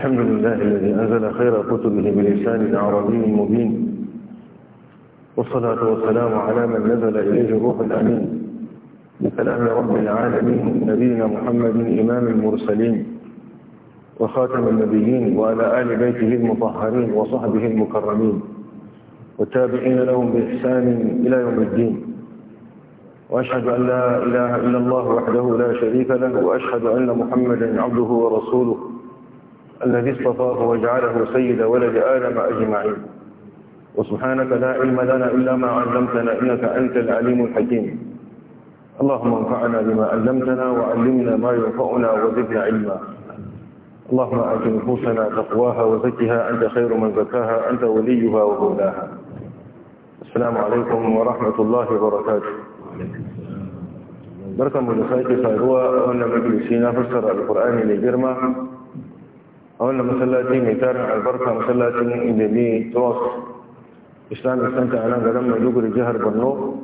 الحمد لله الذي أنزل خير كتبه بلسان عربي مبين والصلاة والسلام على من نزل إليه الروح الأمين بسلام رب العالمين نبينا محمد إمام المرسلين وخاتم النبيين وعلى آل بيته المطهرين وصحبه المكرمين والتابعين لهم بإحسان إلى يوم الدين وأشهد أن لا إله إلا الله وحده لا شريك له وأشهد أن محمدا عبده ورسوله الذي اصطفاه وجعله سيد ولد آدم أجمعين وسبحانك لا علم لنا إلا ما علمتنا إنك أنت العليم الحكيم اللهم انفعنا بما علمتنا وعلمنا ما ينفعنا وزدنا علما اللهم آت نفوسنا تقواها وزكها أنت خير من زكاها أنت وليها ومولاها السلام عليكم ورحمة الله وبركاته بركة مدفاتي فاروة وأن مجلسينا فسر القرآن لجرمه a wannan masallaci mai tarin albarka masallacin indami tuwas islamic center a nan garin maiduguri jihar borno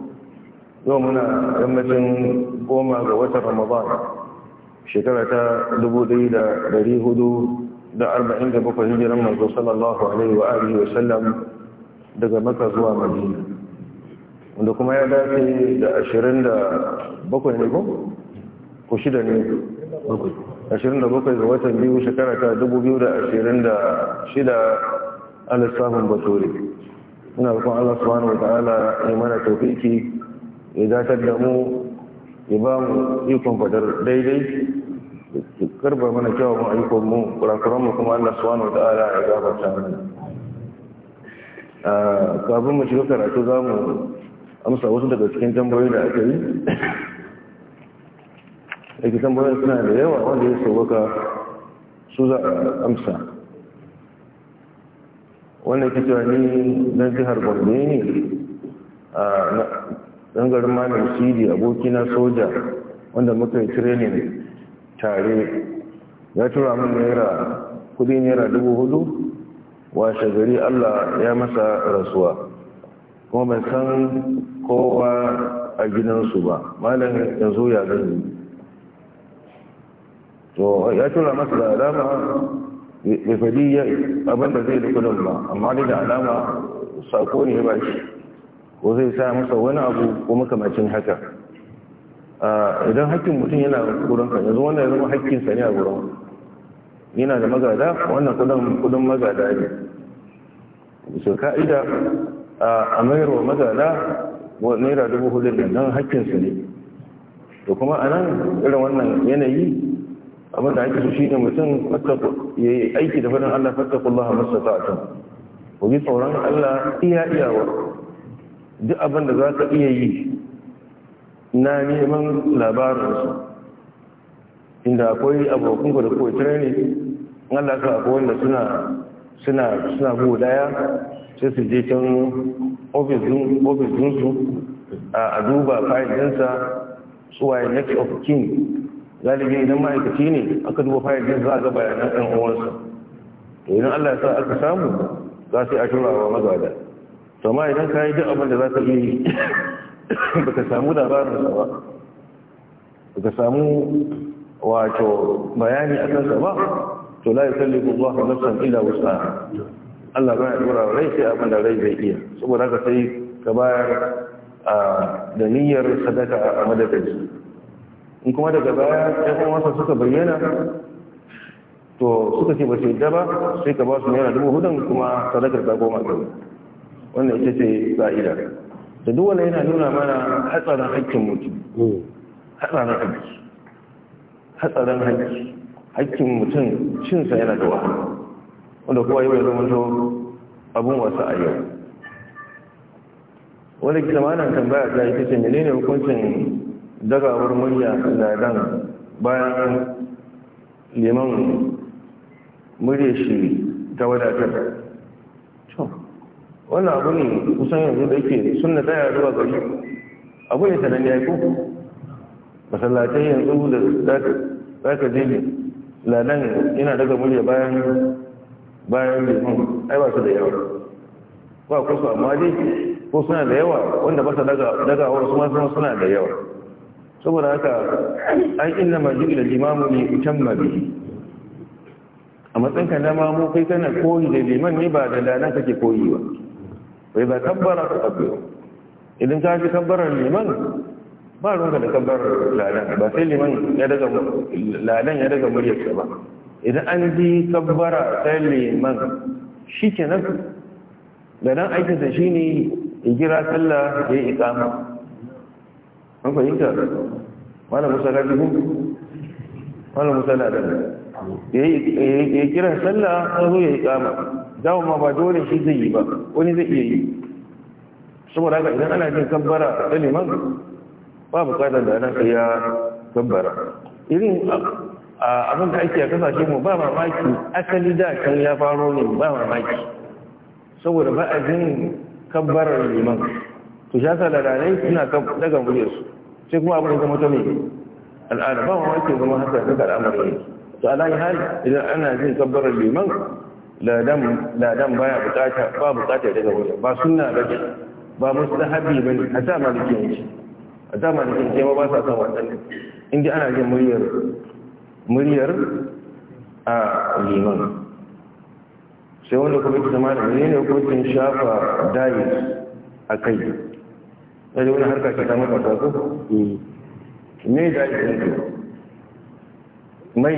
yau muna yammacin goma ga watan ramadan shekara ta 1447 hijiran manzo sallallahu alaihi wa alihi wa sallam daga maka zuwa madina wanda kuma ya dace da 27 ne ko ko shida ne 27 ga watan biyu shekara ta 2026 a lissafin bature ina kuma allah subhanahu wa ta'ala ya mana taufiki ya datar da mu ya ba mu ikon fadar daidai ya karba mana kyawun ayyukan mu kurakuran mu kuma allah subhanahu wa ta'ala ya gafarta mu ah, kafin mu shiga karatu za mu amsa wasu daga cikin tambayoyi da aka yi da ke tambayoyin suna da yawa wanda ya sauwaka su za a amsa wannan ke cewa ni na jihar gombe ne a dangarin malam sidi abokina soja wanda muka yi trenin tare ya tura min naira kudi naira dubu hudu washe gari allah ya masa rasuwa kuma bai san kowa a gidansu ba malam yanzu ya gani to ya tura masa da alama ya fadi ya abin da zai rikudin ba amma dai da alama sako ne ba shi ko zai sa masa wani abu ko makamacin haka idan hakkin mutum yana wurin ka yanzu wannan ya zama hakkinsa ne a wurin yana da magada wannan kudin kudin magada ne su ka'ida a mayar wa magada wa naira dubu hudu da nan su ne to kuma a nan irin wannan yanayi abin da ake so shi ne mutum ya yi aiki da faɗin Allah a masu ta'atun ku yi tsoron Allah iya iyawa duk abin da za ka iya yi na neman labarinsu inda akwai abokanku da kowai training Allah ka akwai wanda suna suna suna buhu daya sai su je can ofis dinsu a duba fayil dinsa suwaye next of king galibi idan ma'aikaci ne aka duba fayil jin za a ga bayanan ɗan uwansa to idan Allah ya sa aka samu za sai a tura wa magada to amma idan ka yi duk abin da za ka iya yi baka samu labarin sa ba baka samu wato bayani akan sa ba to la zuwa Allahu nafsan illa wus'aha Allah ba ya dora rai sai abin da rai zai iya saboda haka sai ka bayar ah, da niyyar sadaka a madadin in kuma daga baya kuma wasa suka bayyana to suka ce ba su yadda ba sai ka ba su naira dubu hudun kuma sadakar ta goma ɗari wanda ita ce za'ida da duk wannan yana nuna mana hatsarin haƙƙin mutum hmm. hatsarin haƙƙi hatsarin haƙƙi haƙƙin mutum cinsa yana da wahala wanda kowa yau ya zama to abun wasa a yau wani kisa tambaya ta ita ce menene hukuncin dagawar murya ladan bayan liman murya shi ta wadatar wannan abu ne kusan yanzu da yake suna tsaya zuwa gari abu ne sanan ya ko masallatai yanzu da za ka je ladan yana daga murya bayan bayan liman ai ba su da yawa ba kusa amma dai ko suna da yawa wanda ba su dagawar su ma suna da yawa saboda haka an inna ma jibila limamu ne utan mabi a matsanka na mamu kai kana koyi da liman ne ba da dana kake koyi ba bai ba tabbara ka tabbiro idan ka ji tabbarar liman ba ruwanka da tabbarar ladan ba sai liman ya daga ladan ya daga muryarsa ba idan an ji tabbara sai liman shi kenan da nan aikinsa shine ya gira sallah ya yi ikama an fahimta malam musa ka jihu malam musa na da ya yi kira sallah an zo ya yi kama dawon ma ba dole shi zai yi ba wani zai iya yi saboda haka idan ana jin kambara ta liman ba bukatar da ana kaiya ya irin abin da ake a kasashe mu ba mamaki asali da kan ya faro ne ba mamaki saboda ba a jin kabbarar liman to shasa da ranai suna daga muryarsu sai kuma abin zama ta mai al'ada ba wani ke zama haka da al'amari ne to ala yi hali idan ana jin kabbarar liman ladan baya bukata ba bukata daga wuri ba suna da ba musu da habi ba ne a da malikin ce a sa da ce ma ba sa san In inda ana jin muryar muryar a liman sai wanda kuma ta zama da ne ne kuma shafa dayi a kai sai wani harka ke samun kwata ko eh. me da ake yanzu mai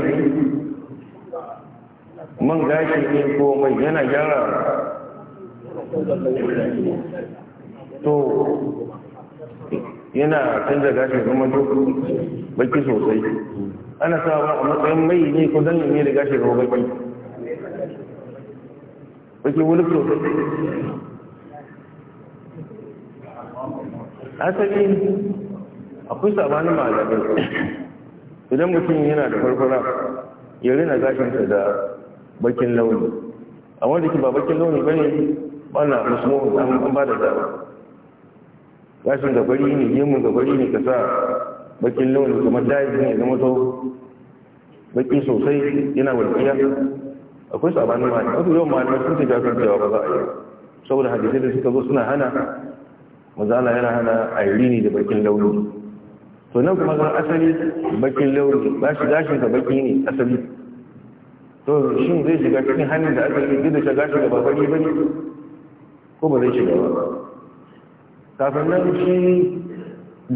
man gashi ne ko mai yana gyara to yana canza gashi kuma to baki sosai ana sawa a matsayin mai ne ko dan ne da gashi ko baki baki wani sosai asali akwai sabanin malamai idan mutum yana da farfara ya rina gashinsa da bakin launi a wanda ke ba bakin launi ba ne bana musamman an ba da dama gashin gabari ne gemun gabari ne ka sa bakin launi kamar daji ne zama to baki sosai yana walƙiya akwai sabanin malamai wasu yawan malamai sun ce gasar cewa ba za a yi saboda hadisai da suka zo suna hana mazala yana hana a rini da bakin launi to nan kuma zan asali bakin launi ba shi gashin da baki ne asali to shi zai shiga cikin hannun da aka yi da shiga shi da ba ne ko ba zai shiga ba kafin nan shi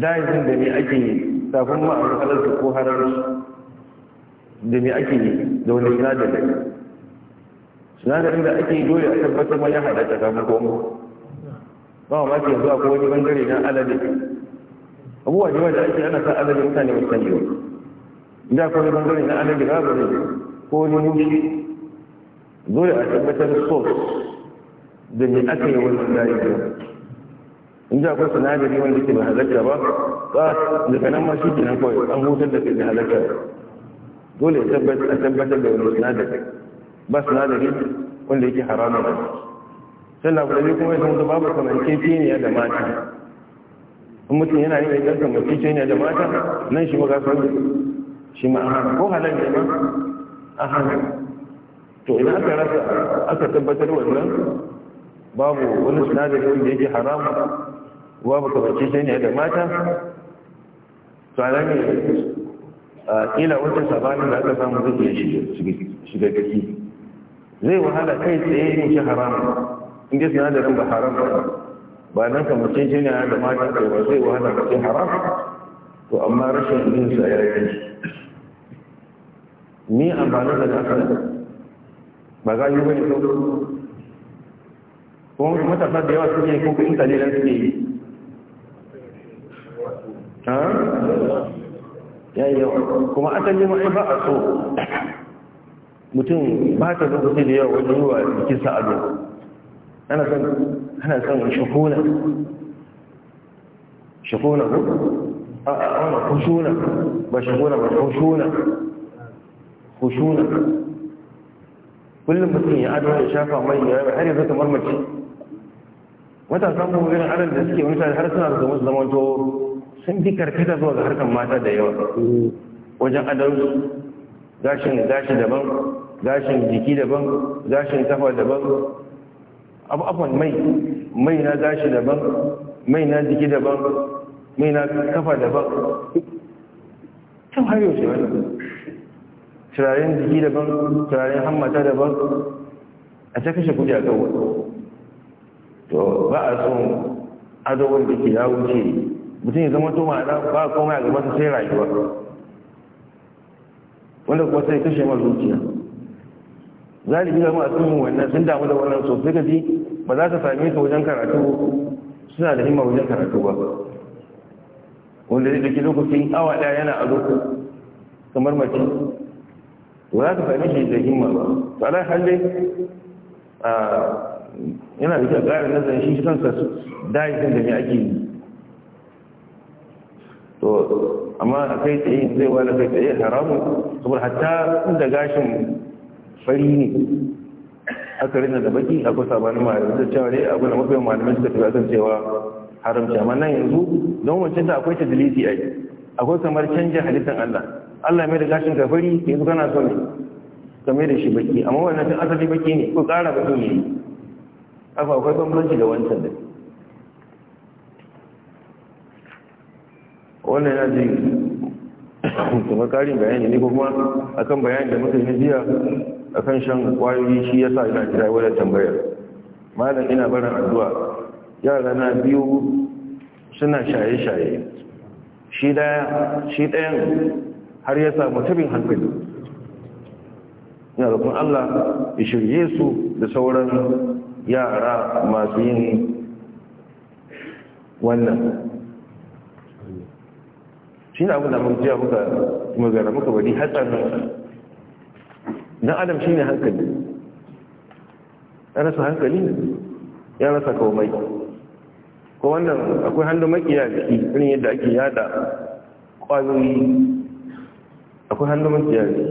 dajin da ne ake yi kafin ma a su ko harar da ne ake yi da wani sinadarin sinadarin da ake yi dole a tabbatar ma ya haɗa ta samun komo ba ma ke zuwa ko wani bangare na alade abubuwa ne wanda da ake ana sa alade mutane ba sani ba da kuma wani bangare na alade ba ne ko wani mushi dole a tabbatar sos da ne aka yi wani sinadari ba in ji akwai sinadari wanda ke mai halatta ba ba daga nan ma shi ke nan kawai an hutar da ke da halatta dole a tabbatar da wani sinadari ba sinadari wanda yake haramun ba sai abu kuma ya zama babu kamanceceniya da mata in mutum yana yi mai ɗan kamanceceniya da mata nan shi maga sun shi ma a ko halar ne ma a hannu to idan aka rasa aka tabbatar wannan babu wani sinadari wanda yake haramu babu kamanceceniya da mata tsanan ne a ƙila wata sabanin da aka samu zai shiga ciki zai wahala kai tsaye yin shi haramu inda suna sinadarin ba haram ba ba nan ka mace shi ne a da mata ko ba zai wahala ka haram to amma rashin jin sa ya yi ni amfanin da zaka ba za yi wani sauƙi ko matasa da yawa suke ko kuɗin kalilan suke yi ha ya yi yawa kuma asali ma'ai ba a so mutum ba ta lokaci da yawa wajen yi wa jikinsa ado ana son ana son shukuna shukuna ko a wani kushuna ba shukuna ba kushuna kushuna kullum mutum ya ado ya shafa mai ya har yanzu kamar mace matasan mu irin aran da suke wani har suna da zama zaman to sun bi karkata zuwa ga harkar mata da yawa wajen adon gashin gashi daban gashin jiki daban gashin kafa daban abu afon mai mai na gashi daban mai na jiki daban mai na kafa daban can har yaushe wani turaren jiki daban turaren hammata daban a ta kashe kudi a kawo to ba a son adawar da ke ya wuce mutum ya zama to ma'ana ba a komai a ta sai rayuwa wanda kuma sai kashe ma zuciya galibi da masu wannan sun damu da wannan sosai gaji ba za ka same ta wajen karatu suna da himma wajen karatu ba wanda zai dake lokacin awa daya yana a zuku kamar mace ba za ka same shi da himma ba to ala halle a yana da kyau ƙarin nazarin shi kansa dayi kan da me ake yi to amma a kai tsaye zai wani kai tsaye haramun saboda hatta inda gashin fari ne aka rina da baki akwai sabanin malamai da cewa dai abu da mafi malamai suka tafi akan cewa haramci amma nan yanzu don wancan da akwai a ai akwai kamar canjin halittar Allah Allah mai da gashin ka fari yanzu kana son ka mai da shi baki amma wannan tun asali baki ne ko ƙara baki ne akwai akwai bambanci da wancan da wannan yana jin kuma karin bayani ne kuma akan bayani da mutane biya akan shan kwayoyi shi ya sa ina kira wadda tambayar malam ina barin addu'a yara na biyu suna shaye-shaye shi ɗayan har ya samu tabin hankali da kun Allah ya shirye su da sauran yara masu yin wannan shi na abin da muka jiya muka magana muka wani hatsarin dan adam shi ne hankali ya rasa hankali ya rasa komai ko wannan akwai hannun makiya jiki irin yadda ake yada kwayoyi akwai hannun makiya jiki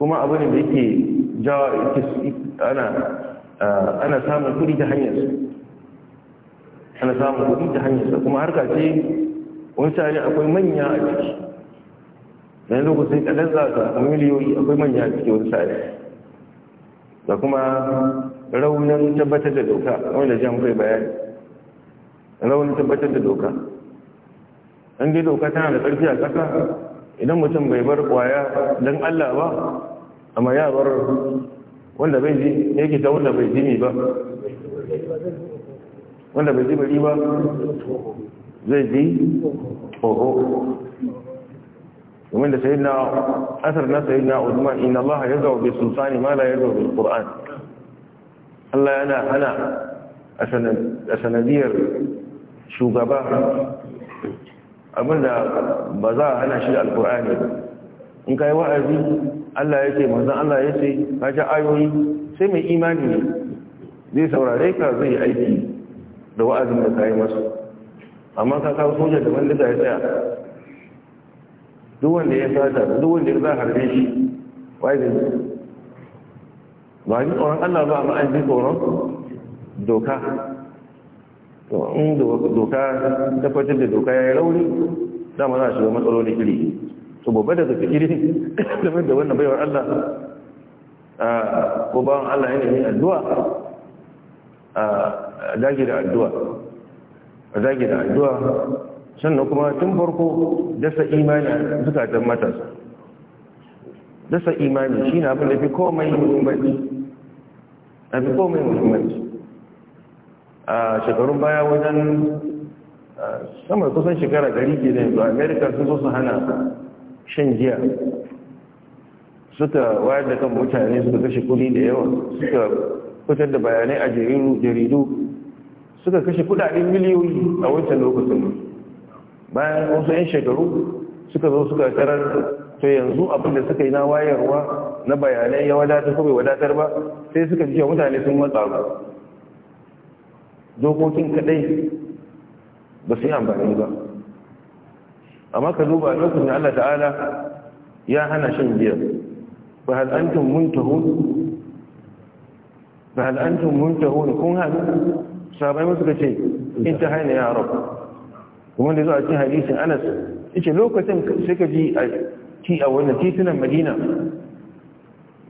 kuma abu ne da yake jawa ana samun kudi ta hanyarsa ana samun kudi ta hanyarsa kuma harka ce wani sa'ari akwai manya a ciki da yanzu ku sai kadan za ka samu miliyoyi akwai manya a cikin wani sa'i da kuma raunin tabbatar da doka wanda jan kai bayani raunin tabbatar da doka an dai doka tana da ƙarfi a ƙasa idan mutum bai bar kwaya don allah ba amma ya bar wanda bai ji ke ta wanda bai ji ba wanda bai ji bari ba zai ji oho domin da sayyidina asar na sayyidina Uthman inna ya yazaw bi sultani ma la yazaw bil Qur'an Allah yana hana a sanadiyar shugaba abinda ba za a hana shi da alkur'ani in ka yi wa'azi Allah ya ce mazan Allah ya ce ka ji ayoyi sai mai imani zai saurare ka zai yi aiki da wa'azin da ka yi masu amma ka kawo soja da wanda ya tsaya duk wanda ya sata duk wanda ya za harbe shi wai da ba ji tsoron Allah ba amma an ji tsoron doka to in doka tabbatar da doka ya yi rauni dama za a shiga matsaloli iri to babba iri fikirin da wannan baiwar Allah ko bawan Allah yana yi addu'a a dage da addu'a a dage da addu'a sannan kuma tun farko dasa imani zukatan matasa dasa imani shi na abin da fi komai muhimmanci a fi komai muhimmanci a shekarun baya wajen samar kusan shekara gari ke da yanzu amerika sun so su hana shan giya suka wayar da kan mutane suka kashe kudi da yawa suka fitar da bayanai a jaridu suka kashe kudaden miliyoyi a wancan lokacin bayan wasu 'yan shekaru suka zo suka karar to yanzu abin da suka yi na wayarwa na bayanai ya wadatar ko bai wadatar ba sai suka ji mutane sun matsa ba dokokin kadai ba su yi amfani ba amma ka duba lokacin Allah ta'ala ya hana shan giya ba hal antum muntahun ba hal antum muntahun kun hadu sabai suka kace in ta haina ya rabu kuma da zuwa cikin hadisin anas yace lokacin suka ji a ci a wannan titunan madina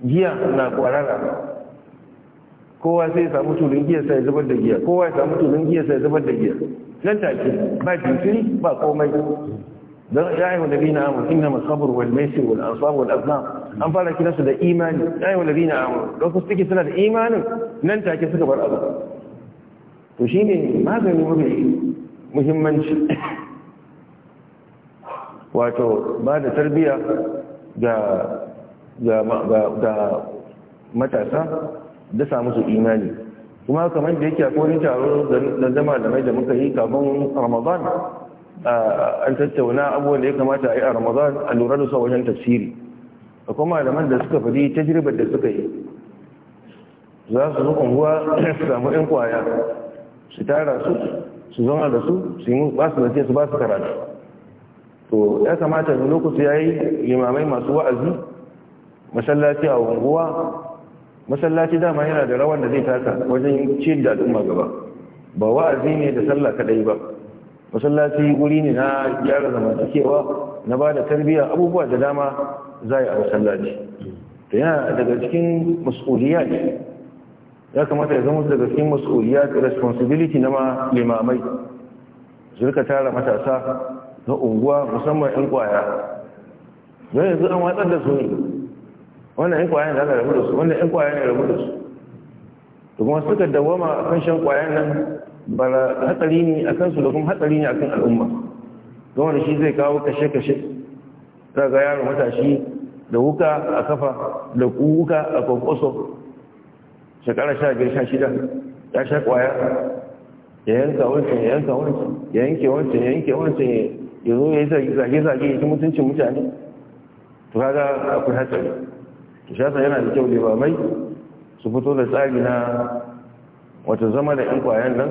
giya na kwarara kowa sai ya samu tulun giya sai zubar da giya kowa ya samu tulun giya sai zubar da giya nan take ba jinkiri ba komai dan ya ayyuhal ladina amanu inna sabru wal maisir wal ansab wal azlam an fara su da imani ya ayyuhal ladina amanu don su suke suna da imanin nan take suka bar abu to shine magani mafi muhimmanci wato ba da tarbiya ga matasa da samu su imani kuma kamar da yake akwai taro da zama da mai da muka yi kafin ramadan an tattauna abubuwan da ya kamata a yi a ramadan a lura da su wajen tafsiri akwai kuma malaman da suka fadi jirgin da suka yi za su zo unguwa su samu 'yan kwaya su tara su su zauna da su su yi ba su zace su ba su karatu to ya kamata da lokaci ya yi limamai masu wa'azi masallaci a unguwa masallaci dama yana da rawar da zai taka wajen ciyar da al'umma gaba ba wa'azi ne da sallah kadai ba masallaci guri ne na gyara zamantakewa na ba da tarbiyya abubuwa da dama za a masallaci to yana daga cikin masuliya ne ya kamata ya zama daga cikin da responsibility na limamai su rika tara matasa na unguwa musamman yan kwaya don yanzu an watsar da su ne wannan yan kwaya ne aka rabu da su wannan yan kwaya ne rabu da su to kuma suka dawama a kan shan kwayan nan bara hatsari ne a kansu da kuma hatsari ne a kan al'umma don wani shi zai kawo kashe-kashe daga yaro matashi da wuka a kafa da kuka a kwakwaso shekara sha biyar sha shida ya sha kwaya ya yanka wancan ya yanka wancan ya yanke wancan ya yanke wancan ya zo ya yi zage-zage ya ci mutuncin mutane to kaga akwai hatsari to shasa yana da kyau limamai su fito da tsari na wata zama da yan kwayan nan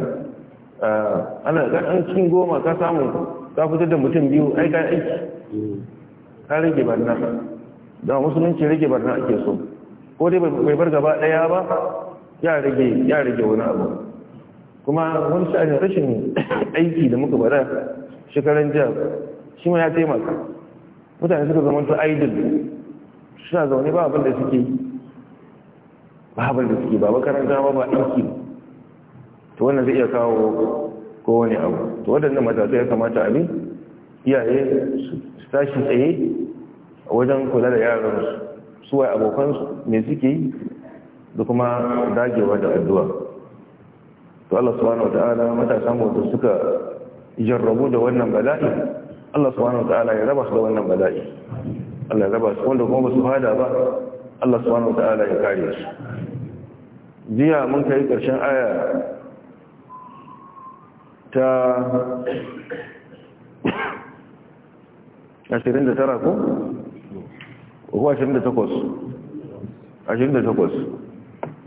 ana ɗan cikin goma ka samu ka fitar da mutum biyu ai ka aiki ka rage barna da musulunci rage barna ake so ko dai bai bar gaba ɗaya ba ya rage wani abu kuma wani sha'anin rashin aiki da muka bada shekaran jiya shi ma ya taimaka mutane suka zama ta idol suna zaune ba abin da suke ba abin da suke ba makaranta ba ba aiki to wannan zai iya kawo kowane abu to wadannan matasa ya kamata a bi iyaye su tashi tsaye wajen kula da yaransu suwaye abokansu me suke yi da kuma dagewa da addu'a to Allah subhanahu wataala matasa mu da suka jarrabu da wannan bala'i Allah subhanahu wataala ya raba su da wannan bala'i Allah ya raba su wanda kuma ba su fada ba Allah subhanahu wataala ya kare su jiya mun kai karshen aya ta 29 ko ko 28 28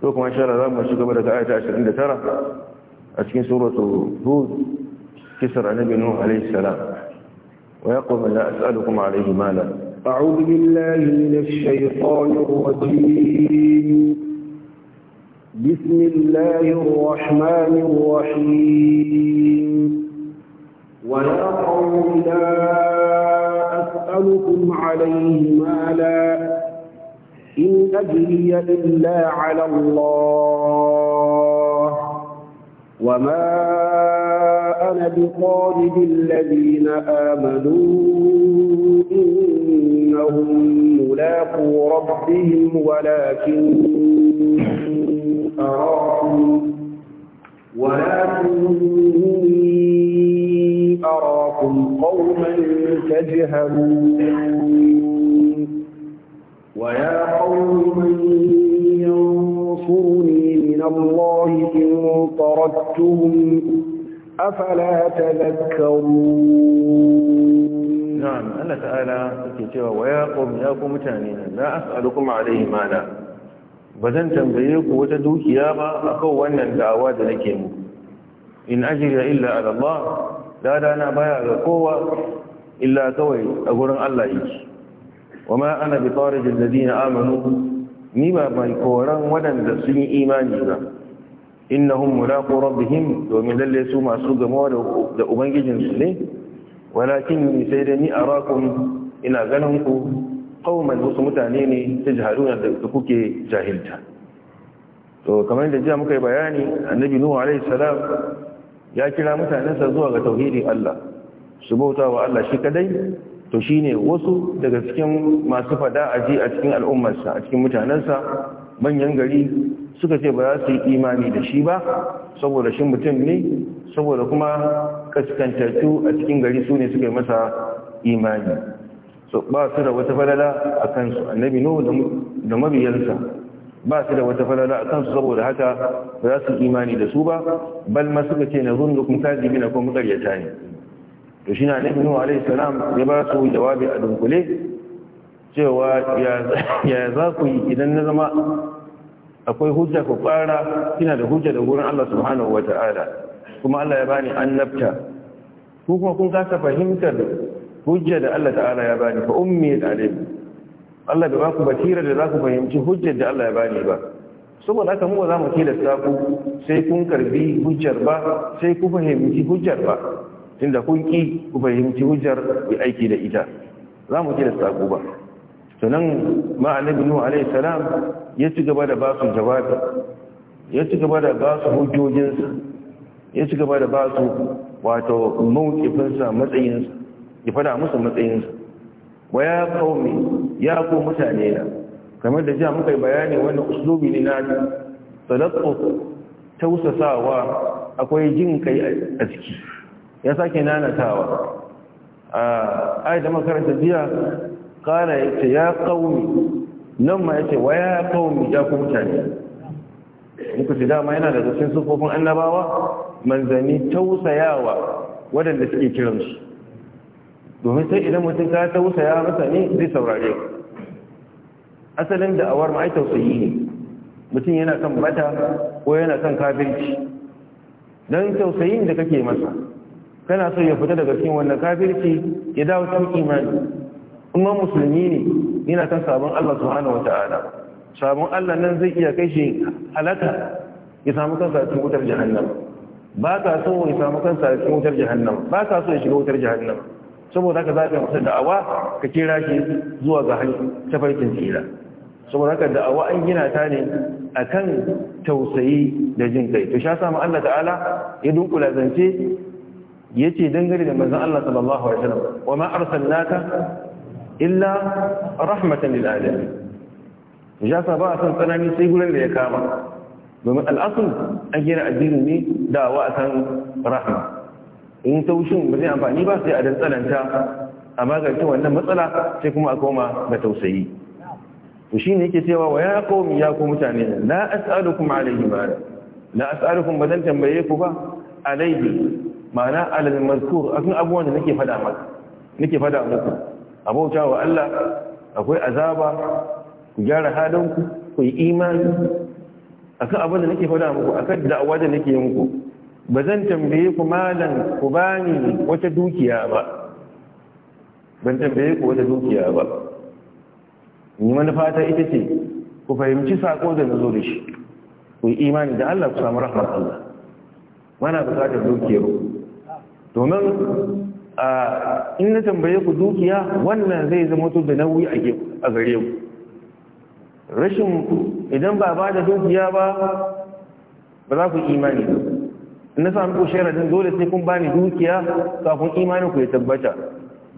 to kuma insha Allah mu shiga daga ayata 29 a cikin suratu hud kisar annabi nuh alayhi salam wa yaqul la as'alukum alayhi mala a'udhu billahi minash shaytanir rajim bismillahir rahmanir rahim wa ويا قوم as'alukum alayhi mala إن أجري إلا على الله وما أنا بطالب الذين آمنوا إنهم ملاقو ربهم ولكن أراكم ولكن أراكم قوما تجهلون الله إن طردتهم أفلا تذكرون نعم الله تعالى يكتوى ويا قوم يا قوم تانينا لا أسألكم عليه مالا بذن تنبيك وتدوك يا ما أكون الدعوات لكم إن أجري إلا على الله لا دانا بايا القوة إلا كوي أقول الله إيش وما أنا بطارد الذين آمنوا ni ba mai koran waɗanda sun yi imani ba innahum mulaqu rabbihim domin lalle su masu gamawa da ubangijinsu ne walakin sai da ni arakum ina ganin ku qauman wasu mutane ne tajhaluna da kuke jahilta to kamar da jiya muka yi bayani annabi nuhu alaihi salam ya kira mutanensa zuwa ga tauhidin Allah su bauta wa Allah shi kadai to shine wasu daga cikin masu fada ji a cikin al'ummarsa a cikin mutanensa manyan gari suka ce ba za su yi imani da shi ba saboda shi mutum ne saboda kuma kaskantattu a cikin gari su suka yi masa imani ba su da wata falala a kansu annabi no da mabiyansa ba su da wata falala a kansu saboda haka ba za su imani da su ba bal ma suka ce na zundukum na ko karyata ne to shi na nufin nuhu alaihi salam ya ba su jawabi a dunkule cewa ya za ku yi idan na zama akwai hujja ku fara kina da hujja da gurin Allah subhanahu wa ta'ala kuma Allah ya bani an nafta ku kuma kun kasa fahimtar hujja da Allah ta'ala ya bani fa ummi alim Allah ba ku basira da za ku fahimci hujjar da Allah ya bani ba saboda haka mu za mu tilasta ku sai kun karbi hujjar ba sai ku fahimci hujjar ba tunda kun ki ku fahimci hujjar ku aiki da ita za mu ji da sako ba sannan ma annabi nuhu alaihi salam ya ci gaba da ba su jawabi ya ci gaba da ba su hujjojinsa ya ci gaba da ba su wato mawqifinsa matsayinsa ya fada musu matsayinsa wa ya qaumi ya ku mutane na kamar da jiya muka yi bayani wannan uslubi ne na talattu tausasawa akwai jin kai a ciki ya sake nanatawa a ayat da makaranta jiya kala ya ce ya kaumi nan ma ya ce wa ya kaumi ya ku mutane muka ce dama yana da cikin sufofin annabawa manzanni tausayawa waɗanda suke kiran shi. domin sai idan mutum ka tausaya masa ne zai saurare ku asalin da awar ai tausayi ne mutum yana kan bata ko yana kan kafirci don tausayin da kake masa kana so ya fita daga cikin wannan kafirci ya dawo cikin imani in musulmi ne yana kan sabon Allah subhanahu wata'ala sabon Allah nan zai iya kai shi halaka ya samu kansa cikin wutar jahannama ba ka so ya samu kansa cikin wutar jahannama ba ka so ya shiga wutar jahannama saboda haka zaka masa da'awa ka kira shi zuwa ga hanyar tafarkin tsira saboda haka da'awa an gina ta ne akan tausayi da jin kai to sha samu Allah ta'ala ya dunkula zance Ya ce dangane da manzon Allah sallallahu alaihi wasallam wa ma arsalnaka illa rahmatan lil alamin ya sa ba a san tsanani sai gurin da ya kama domin al'asul an gina addini ne da wa a san rahma in taushin ba zai amfani ba sai a dan tsananta a magance wannan matsala sai kuma a koma ga tausayi to ne yake cewa wa ya qaumi ya ku mutane la as'alukum alayhi ma la as'alukum zan tambaye ku ba alayhi ma'ana alal mazkur akan abubuwan da nake fada maka nake fada muku abauta wa Allah akwai azaba ku gyara halinku ku yi imani akan abin da nake fada muku akan da'awa da nake muku ba zan tambaye ku malan ku bani wata dukiya ba ban tambaye ku wata dukiya ba ni manufa ta ita ce ku fahimci sako da nazo da shi ku yi imani da Allah ku samu rahmar Allah mana bukatar dukiyar ku domin in na tambaye ku dukiya wannan zai zama to da nauyi a gare ku rashin idan ba ba da dukiya ba ba za ku imani in na sami ku sharadin dole sai kun bani dukiya kafin imanin ku ya tabbata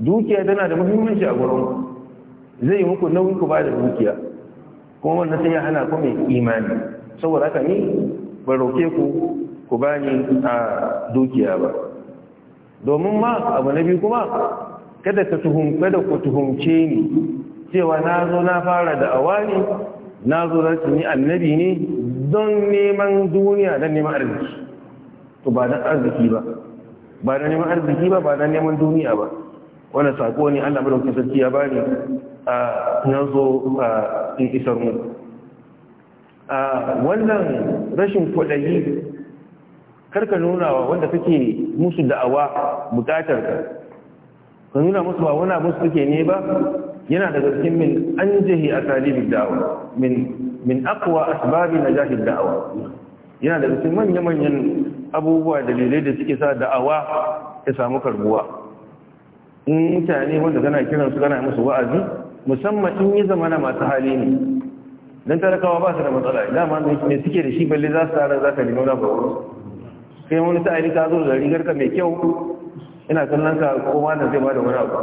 dukiya tana da muhimmanci a gurin zai muku nauyi ku ba da dukiya kuma wannan sai ya hana ku mai imani saboda haka ni ba roke ku ku bani a dukiya ba domin ma abu na biyu kuma kada ka tuhumce kada ku tuhumce ni cewa na zo na fara da awani na zo na su ni annabi ne don neman duniya don neman arziki to ba don arziki ba ba don neman arziki ba ba don neman duniya ba wani sako ne allah madaukin sarki ya bani a na zo in isar mu wannan rashin kwaɗayi karka nuna wa wanda kake musu da'awa bukatar ka ka nuna musu ba wani su suke ne ba yana daga cikin min an jihi a talibin da'awa min akwa aqwa na jahil da'awa yana daga cikin manya manyan abubuwa dalilai da suke sa da'awa ya samu karbuwa in mutane wanda gana kiran su gana musu wa'azi musamman in yi zamana masu hali ne dan talakawa ba su da matsala dama ne suke da shi balle za su tara za ka ba wani abu sai wani sa'ari ka zo da rigar ka mai kyau ina kallon ka kowa na zai ba da wani abu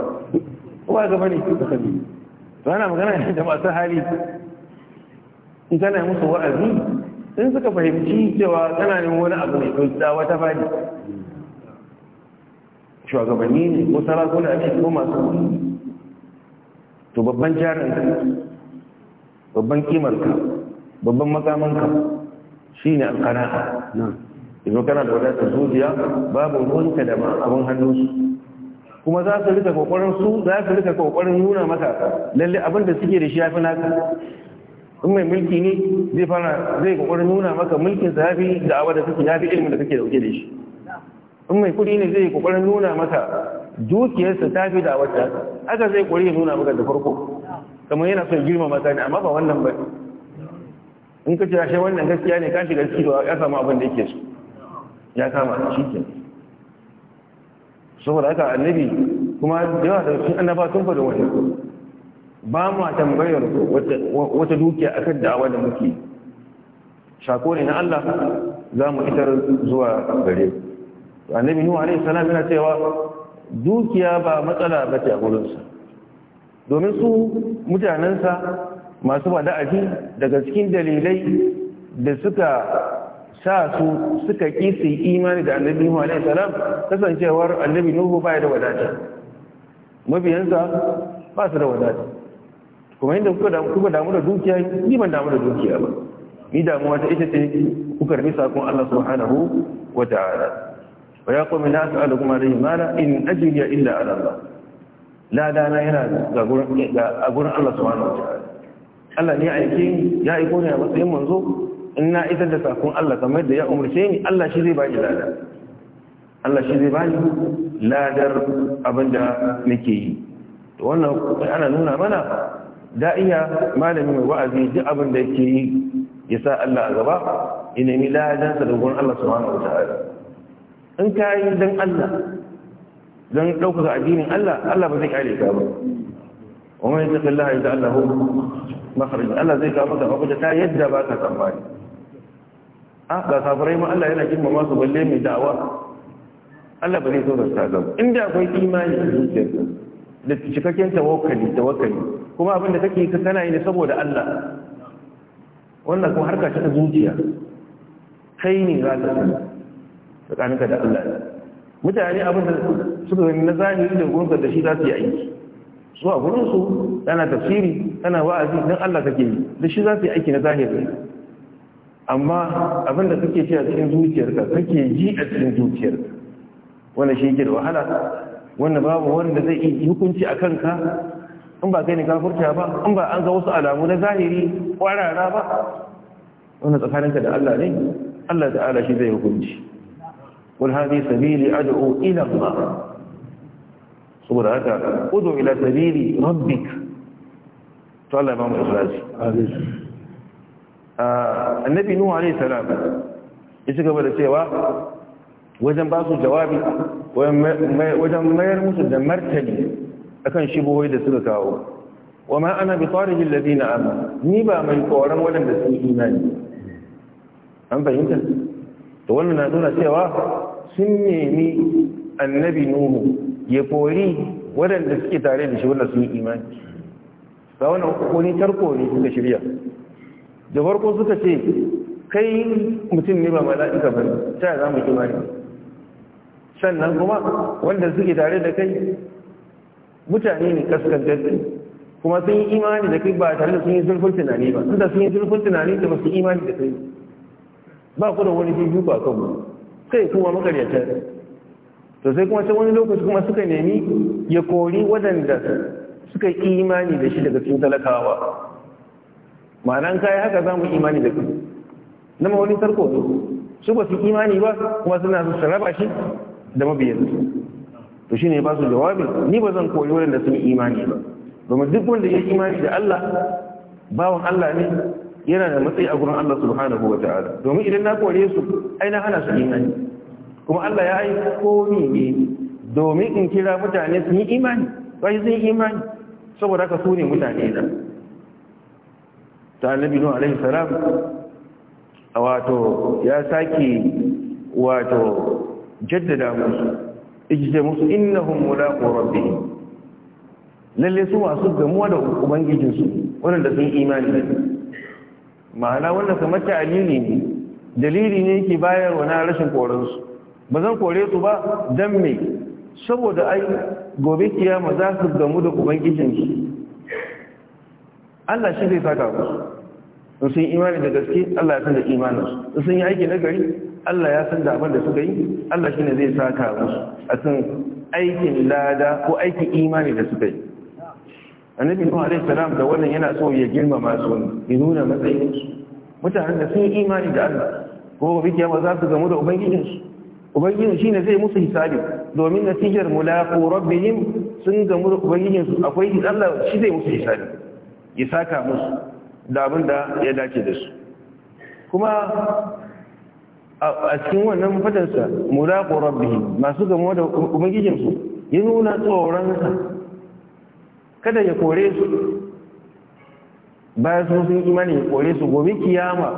ko ba ga bane ka sani to ana magana ne da masu hali in kana musu wa'azi in suka fahimci cewa kana ne wani abu mai kyau da wata fadi shugabanni ne ko sarakuna ne ko masu to babban jarin ka babban kimar ka babban makaman ka shine alqana'a izo kana da wadata zuciya babu ruwanka da ma abin hannunsu kuma za su rika kokarin su za su rika kokarin nuna maka lalle abin da suke da shi yafi naka in mai mulki ne zai fara zai kokarin nuna maka mulkin sa yafi da'awa da suke yafi ilimin da kake dauke da shi in mai kudi ne zai kokarin nuna maka dukiyarsa ta fi da wata aka zai kokari nuna maka da farko kamar yana son girma maka ne amma ba wannan ba in ka ce ashe wannan gaskiya ne ka shiga ciki da ya samu abin da yake so ya kama shi ke saboda aka annabi kuma da yawa da cikin annaba sun fada wannan ba mu tambayar wata dukiya akan da'awa da muke shako ne na Allah za mu fitar zuwa gare annabi nuhu ne salam yana cewa dukiya ba matsala ba ce a gurinsa domin su mutanensa masu bada'aji daga cikin dalilai da suka sa su suka ƙi su imani da annabi Nuhu alaihi salam kasancewar annabi Nuhu baya da wadata mabiyansa ba su da wadata kuma inda kuka damu kuka damu da dukiya ni ban damu da dukiya ba ni damuwa ta ita ce ku karbi sakon Allah subhanahu wa ta'ala wa ya qul la as'alukum alayhi mala in ajriya illa ala Allah la na yana ga gurin ga gurin Allah subhanahu wa ta'ala Allah ne aiki ya aiko ne a matsayin manzo in na isar da sakon Allah kamar da ya umarce ni Allah shi zai ba ni lada Allah shi zai ba ni ladar abinda nake yi to wannan ana nuna mana da iya malami mai wa'azi duk abin da yake yi ya sa Allah a gaba ina mi ladan sa da gurin Allah subhanahu wataala in ka yi dan Allah dan ɗaukaka addinin Allah Allah ba zai kare ka ba ومن يتق الله يجعل له مخرجا الله زي كما yadda ba ka tsammani. a ga safarai ma Allah yana girmama masu balle mai da'awa Allah ba zai so zasta ga inda akwai imani da zuciyarka da cikakken tawakkali tawakkali kuma abin da kake ka kana yi ne saboda Allah wannan kuma harka ta zuciya kai ne za ka sani tsakaninka da Allah mutane abin da suka gani na zahiri da gunsa da shi za su yi aiki su a gurinsu kana tafsiri kana wa'azi don Allah kake yi da shi za su yi aiki na zahiri amma abinda kake ci a cikin zuciyarka kake ji a cikin zuciyarka wanda shi yake da wahala wanda babu wanda zai yi hukunci a kanka in ba kai ne kafurta ba in ba an ga wasu alamu na zahiri kwarara ba wanda tsakaninka da Allah ne Allah ta'ala shi zai hukunci wal hadi sabili ad'u ila Allah saboda haka udu ila sabili rabbik to Allah ya ba mu ikhlasi amin annabi nuhu alaihi salam ya ci gaba da cewa wajen ba su jawabi wajen mayar musu da martani akan shibuhoi da suka kawo wa ma ana bi tsarijin ladina amma ni ba mai koran waɗanda sun imani an fahimta to wannan na nuna cewa sun nemi annabi nuhu ya kori waɗanda suke tare da shi wanda sun imani ba wannan kori tarko ne suka shirya da farko suka ce kai mutum ne ba mala'ika ba ta za mu ne sannan kuma wanda suke tare da kai mutane ne kaskantattu kuma sun yi imani da kai ba tare da sun yi zurfin tunani ba inda sun yi zurfin tunani da masu imani da kai ba ku da wani jiju ba kanmu. kai kuma makaryata to sai kuma sai wani lokaci kuma suka nemi ya kori waɗanda suka yi imani da shi daga cikin talakawa ma'anan kayi haka za mu imani da kudu na wani sarko su ba su imani ba kuma suna su sarrafa shi da su to shi ne ba su jawabi ni ba zan koyi da sun imani ba domin duk wanda ya imani da Allah bawan Allah ne yana da matsayi a gurin Allah subhanahu wa ta'ala domin idan na kore su ai na hana su imani kuma Allah ya yi komi ne domin in kira mutane sun yi imani ba shi sun yi imani saboda haka su ne mutane da ta annabi nuhu alaihi salam wato ya saki wato jaddada musu ijje musu innahum mulaqu rabbihim lalle su masu gamuwa da ubangijin su wanda sun imani da ma'ana wannan kamar ta alili ne dalili ne yake bayarwa na rashin koransu ba zan kore su ba dan me saboda ai gobe kiyama za su gamu da ubangijin su Allah shi zai saka ku in sun imani da gaske Allah ya san da imaninsu. in sun yi aiki na gari Allah ya san da abin da suka yi Allah shi ne zai saka musu a kan aikin lada ko aikin imani da suka yi annabi nuhu alaihi salam da wannan yana so ya girmama su ya nuna matsayin mutanen da sun yi imani da Allah ko bi kiyama za su gamu da ubangijin su ubangijin shine zai musu hisabi domin natijar mulaqu rabbihim sun gamu da ubangijin su akwai Allah shi zai musu hisabi ya saka musu da abin da ya dace da su kuma a cikin wannan fadarsa muraqu rabbihim masu gamo da ubangijinsu ya nuna tsoronsa kada ya kore su bayan sun sun imani ya kore su gobe kiyama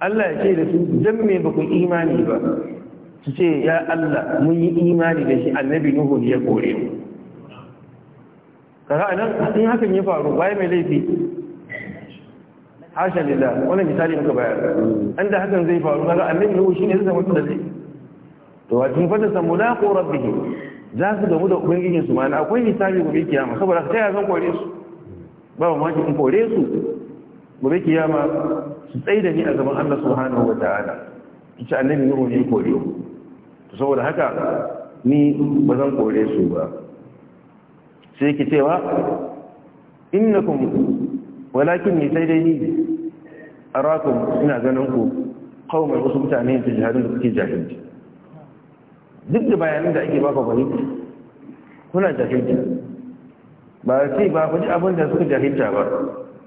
Allah ya ce da su dan me ba ku imani ba su ce ya Allah mun yi imani da shi annabi nuhu ya kore mu kaga anan in hakan ya faru waye mai laifi Harshen lillah wannan misali muka bayar an da hakan zai faru na kaga annabi nuhu ne zai zama da laifi to wa tun fata san mulaqu ke za su gamu da ubangijin su mana akwai misali gobe kiyama saboda ta ya zan kore su ba ma ki in kore su gobe kiyama su tsaye da ni a gaban Allah subhanahu wa ta'ala ita annabi nuhu ne kore to saboda haka ni ba zan kore su ba sai yake cewa innakum walakin ni sai dai ni arakum ina ganin ku qaumar wasu mutane da jahilun da kuke jahilci duk da bayanan da ake baka bane kuna jahilci ba sai ba ku ji abin da suka jahilta ba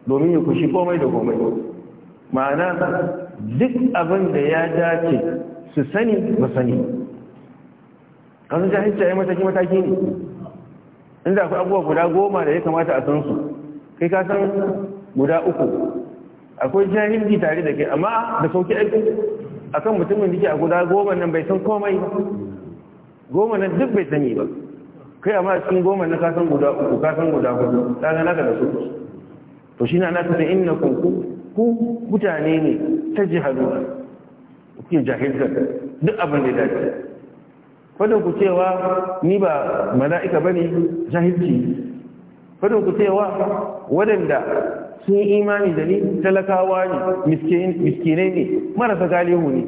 domin ya kushi komai da komai ma'ana duk abin da ya dace su sani ba sani kan jahilci ya mataki mataki ne inda akwai abubuwa guda goma da ya kamata a san su kai ka san guda uku akwai jahilci tare da kai amma da sauki aiki akan mutumin da ke a guda goma nan bai san komai goma nan duk bai sani ba kai amma cikin goma na kasan guda uku kasan guda hudu ta ga naka da su to shi na naka da na ku ku mutane ne ta jihalu kuke jahilci duk abin da ya dace fadin ku cewa ni ba mala'ika bane jahilci fadin ku cewa wadanda sun yi imani da ni talakawa ne miskinai ne marasa galihu ne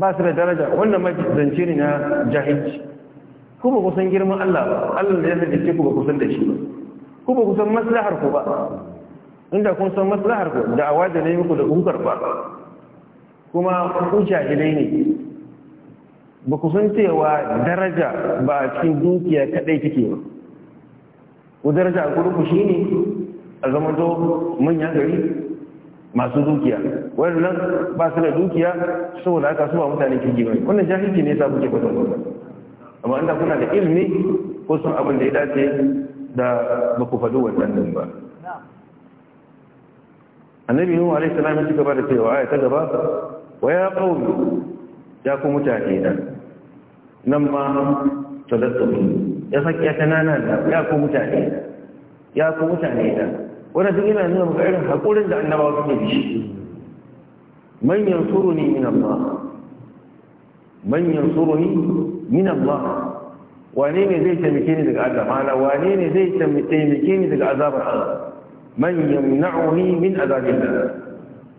ba su da daraja wannan majalisance ne na jahilci ku ba kusan girman Allah ba Allah da ya halitta ku ba kusan da shi ba ku ba kusan maslahar ku ba inda kun san maslahar ku da awa da nayi muku da kun karba kuma ku jahilai ne ba ku san cewa daraja ba a cikin dukiya kadai take ba ku daraja a gurin ku shine a zama to manya gari masu dukiya wani nan ba su da dukiya saboda aka ba mutane kirki ba wannan jahilci ne sabu ke kwatan kwatan amma inda kuna da ilimi ko sun abin da ya dace da ba ku faɗi wannan din ba annabi nuhu alaihi salam ya ci gaba da cewa aya ta gaba wa ya qaumi ya ku mutane da nan ma talattabun ya saki ya kanana da ya ku mutane da ya ku mutane da wanda duk yana nuna maka irin hakurin da annaba suke ne shi manyan suru ne min Allah man suru min Allah wane ne zai taimake ni daga azaba ma'ana wane ne zai taimake ni daga azabar Allah man yamna'uni min azabillah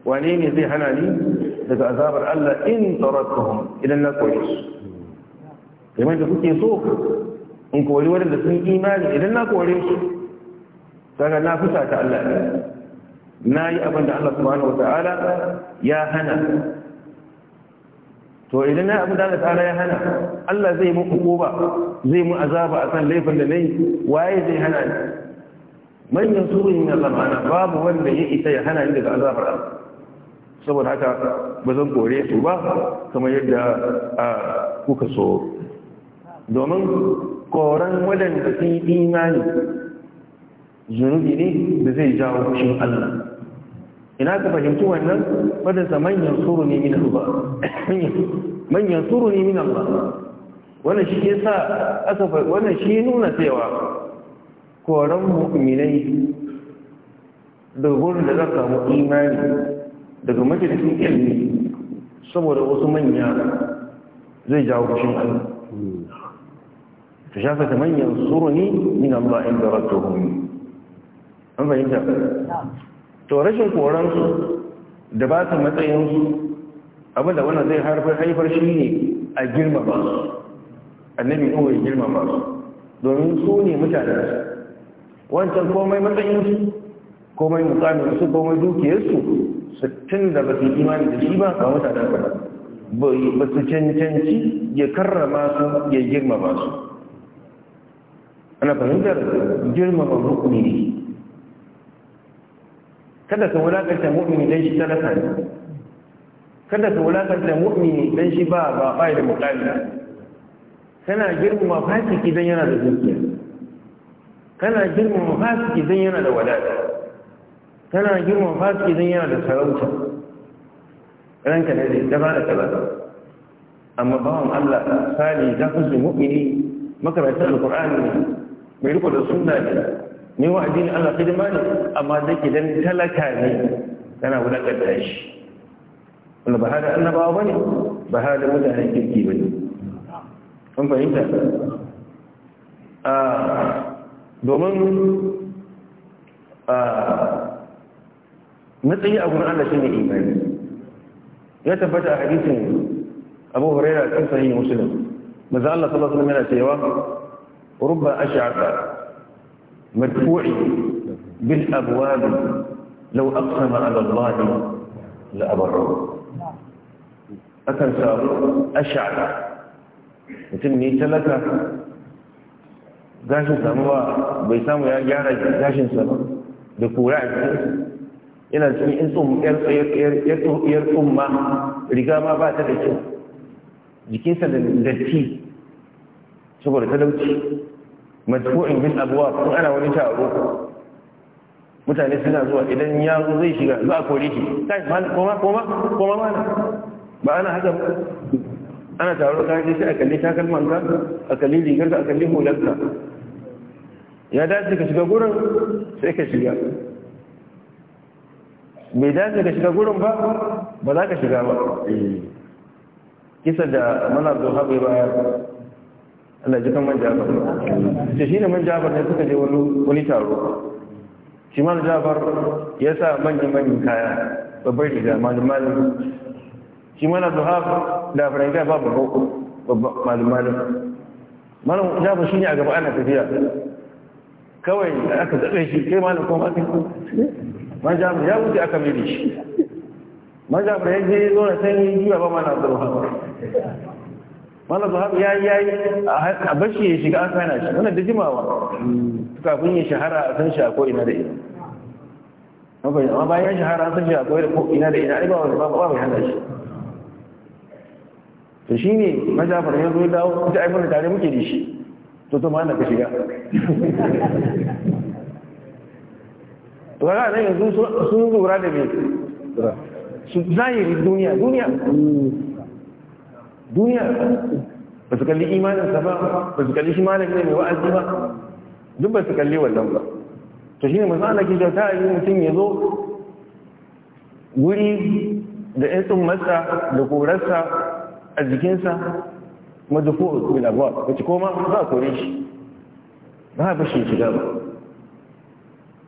wane ne zai hana ni daga azabar Allah in tarakahum idan na kore su kamar da kuke so in kori wadanda sun imani idan na kore su daga na fusa ta Allah ne na yi abin da Allah subhanahu Ta'ala ya hana to idan na abin da Allah ta'ala ya hana Allah zai mu hukuma zai mu azaba a akan laifin da nayi waye zai hana ni man yansuru min Allah babu wanda ya isa ya hana ni daga azabar Allah saboda haka ba zan kore su ba kamar yadda kuka so domin koren waɗanda sun yi imani zunubi ne da zai jawo fushin Allah ina ka fahimci wannan waɗansa manyan tsoro ne min ba manyan tsoro ne minan ba? wannan shi ke sa aka wannan shi nuna cewa koren mu'minai da wurin da za ka samu imani daga majalisun ilmi saboda wasu manya zai jawo kushin Allah ta shafa ta manyan suruni min Allah inda rattuhum an fahimta to rashin koransu da ba su matsayinsu abinda wannan zai haifar shi ne a girmama su annabi kawai girma girmama su domin su ne mutane wancan komai matsayinsu komai mukamin su komai dukiyarsu sittin da ba su imani da shi ba a mutanen ba ba su cancanci ya karrama su ya girmama su ana fahimtar girmama rukuni ne kada ka wulakanta mu'mini dan shi talaka ne kada ka wulakanta mu'mini dan shi ba ba bai da mukalla kana girmama fasiki dan yana da zuciya kana girmama fasiki dan yana da wadata tana girma fasiki don yana da sarauta ranka da zai gaba da talata amma bawan Allah sali za ku su mu'mini makarantar alkur'ani ne mai riko da sunna ne ne wa addini Allah hidima ne amma da ke dan talaka ne tana kana wulakanta shi wanda ba hada annabawa ba ne ba hada mutanen kirki ne kun fahimta ah, domin ah, matsayi a gurin Allah shine imani ya tabbata a hadisin Abu Hurairah kan sahihi Muslim manzo Allah sallallahu alaihi wasallam yana cewa rubba ash'aqa madfu'i bil abwab law aqsama ala Allah la abarru akan samu ash'aqa mutum ne talaka gashin samuwa bai samu ya gyara gashin sa ba da kura a cikin yana cikin in tsum yar tsumma riga ma ba ta da kyau jikinsa da datti saboda talauci matfu'in bin abuwa kun ana wani taro mutane suna zuwa idan ya zo zai shiga za a kori shi kai koma koma koma mana ba ana haka ana taro kayan je a kalli takalmanka a kalli rigarka a kalli hularka ya dace ka shiga gurin sai ka shiga Mai dace ka shiga gurin ba ba za ka shiga ba kisa da mana zo haɓe baya Allah ji kan man ba ce shi ne man ba ne suka je wani taro shi man jabar ya sa manyan-manyan kaya babbar riga malum-malum shi mana zo haɓe da faranga ba babban malum-malum malam jabar shi ne a gaba ana tafiya kawai aka zaɓe shi kai malam kuma aka yi majamu ya wuce aka mere da shi majamu ya je zo na sanyi juya ba mana zuwa mana zuwa ya yi ya yi a bashi ya shiga an kana shi wannan da jimawa kafin ya shahara a san shi a ko'ina da ina amma bayan ya shahara an san shi a ko'ina da ina ba wani ba mai hana shi to shi ne majafar ya zo dawo ita aibin da tare muke da shi to to ma ka shiga to kaga nan yanzu sun lura da mai su zahiri duniya duniya duniya ba su kalli imaninsa ba ba su kalli shi malami ne mai wa'azi ba duk ba su kalli wannan ba to shi ne Allah ke jauta yi mutum ya zo guri da ya tsummarsa da korarsa a jikinsa madufu bil abwab kace koma za a kore shi ba ba shi shiga ba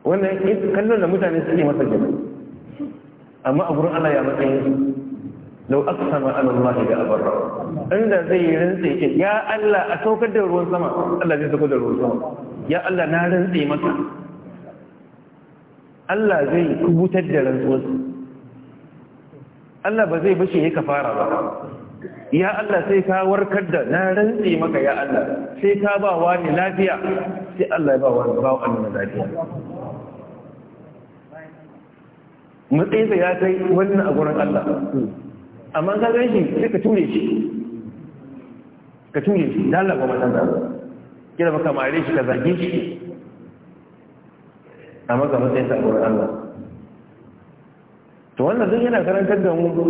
wannan kallon da mutane suke masa gaba amma a gurin Allah ya matsayin su lau aqsama ala Allah da abarra inda zai rantse ce ya Allah a saukar da ruwan sama Allah zai saukar da ruwan sama ya Allah na rantse maka Allah zai kubutar da rantsuwarsa Allah ba zai bace ya kafara ba ya Allah sai ka warkar da na rantse maka ya Allah sai ka ba wani lafiya sai Allah ya ba wani ba wani lafiya matsayinsa ya kai wannan a gurin Allah amma ka gan shi sai ka ture shi ka ture shi da Allah ba matan da kira ba kamar shi ka zage shi amma ka matsayinsa a gurin Allah to wannan zai yana karantar da mu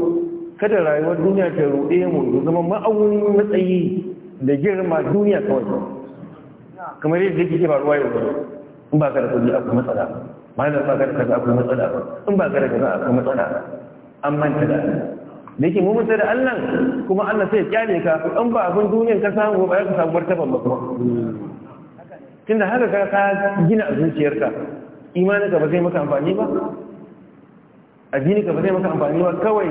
kada rayuwar duniya ta ruɗe mu zama ma'aunin matsayi da girma duniya kawai kamar yadda yake faruwa yau in ba ka da kuɗi kuma matsala malam ba gara kaza akwai matsala ba in ba gara kaza akwai matsala an manta da da yake mun da Allah kuma Allah sai ya kyale ka in ba abin duniyar ka samu ba ya ka samu martaban ba kuma tunda haka ka gina a zuciyarka imanin ka ba zai maka amfani ba addini ka ba zai maka amfani ba kawai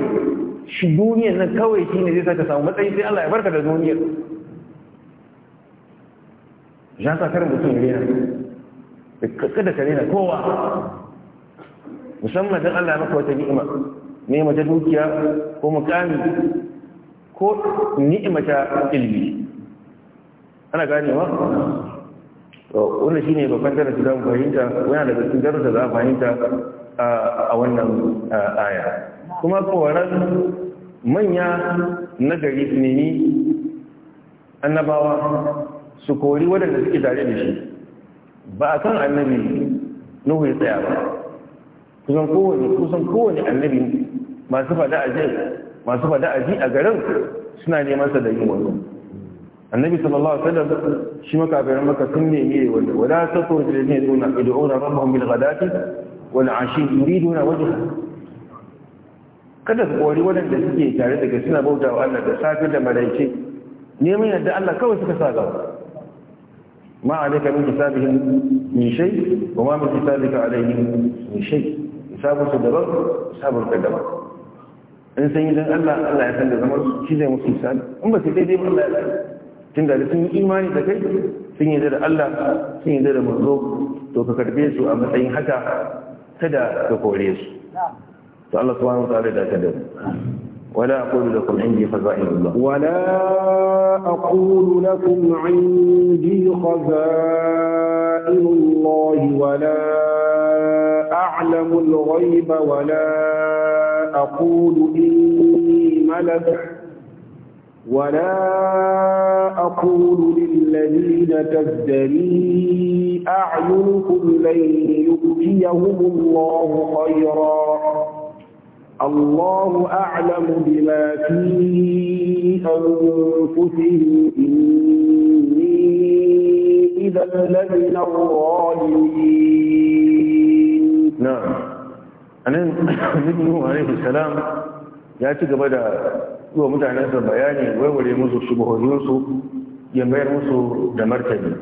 shi duniyar nan kawai shi ne zai saka samu matsayi sai Allah ya barka da duniyar ya sa karin mutum ya rena kada ka rena kowa musamman don Allah maka wata ni'ima ne ta dukiya ko mukami ko ni'ima ta ilimi ana ganewa wanda shi ne babban darasi za mu fahimta wani daga cikin za a fahimta a wannan aya kuma kowaran manya na gari nemi annabawa su kori waɗanda suke tare da shi ba a kan annabi nuhu ya tsaya ba kusan kowane kusan kowane annabi masu fada a jai masu fada a ji a garin suna neman sa da yin wani annabi sallallahu alaihi wasallam shi bayan maka sun nemi wanda wala tasawwur lil ladina yad'una yad'una rabbahum bil ghadati wal ashi yuriduna wajha kada su kori waɗanda suke tare daga suna bautawa Allah da safi da maraice neman yadda Allah kawai suka sa gaba ما عليك من حسابهم من شيء وما من حسابك عليهم من شيء حساب صدبا حساب القدبا in sun yi don Allah Allah ya san da zamar shi zai musu misali in ba su daidai ba Allah ya san tun da sun yi imani da kai sun yi da Allah sun yi da manzo to ka karbe su a matsayin haka ta da ka kore su to Allah subhanahu wa ta'ala da ta da ولا أقول لكم عندي خزائن الله ولا أقول لكم عندي خزائن الله ولا أعلم الغيب ولا أقول إني ملك ولا أقول للذين تزدري أعينكم لن يؤتيهم الله خيرا الله أعلم بما في أنفسهم إني إذا لمن الظالمين نعم annabi alaihi salam ya ci gaba da zuwa mutanensa bayani waiware musu shubuhoyinsu ya mayar musu da martani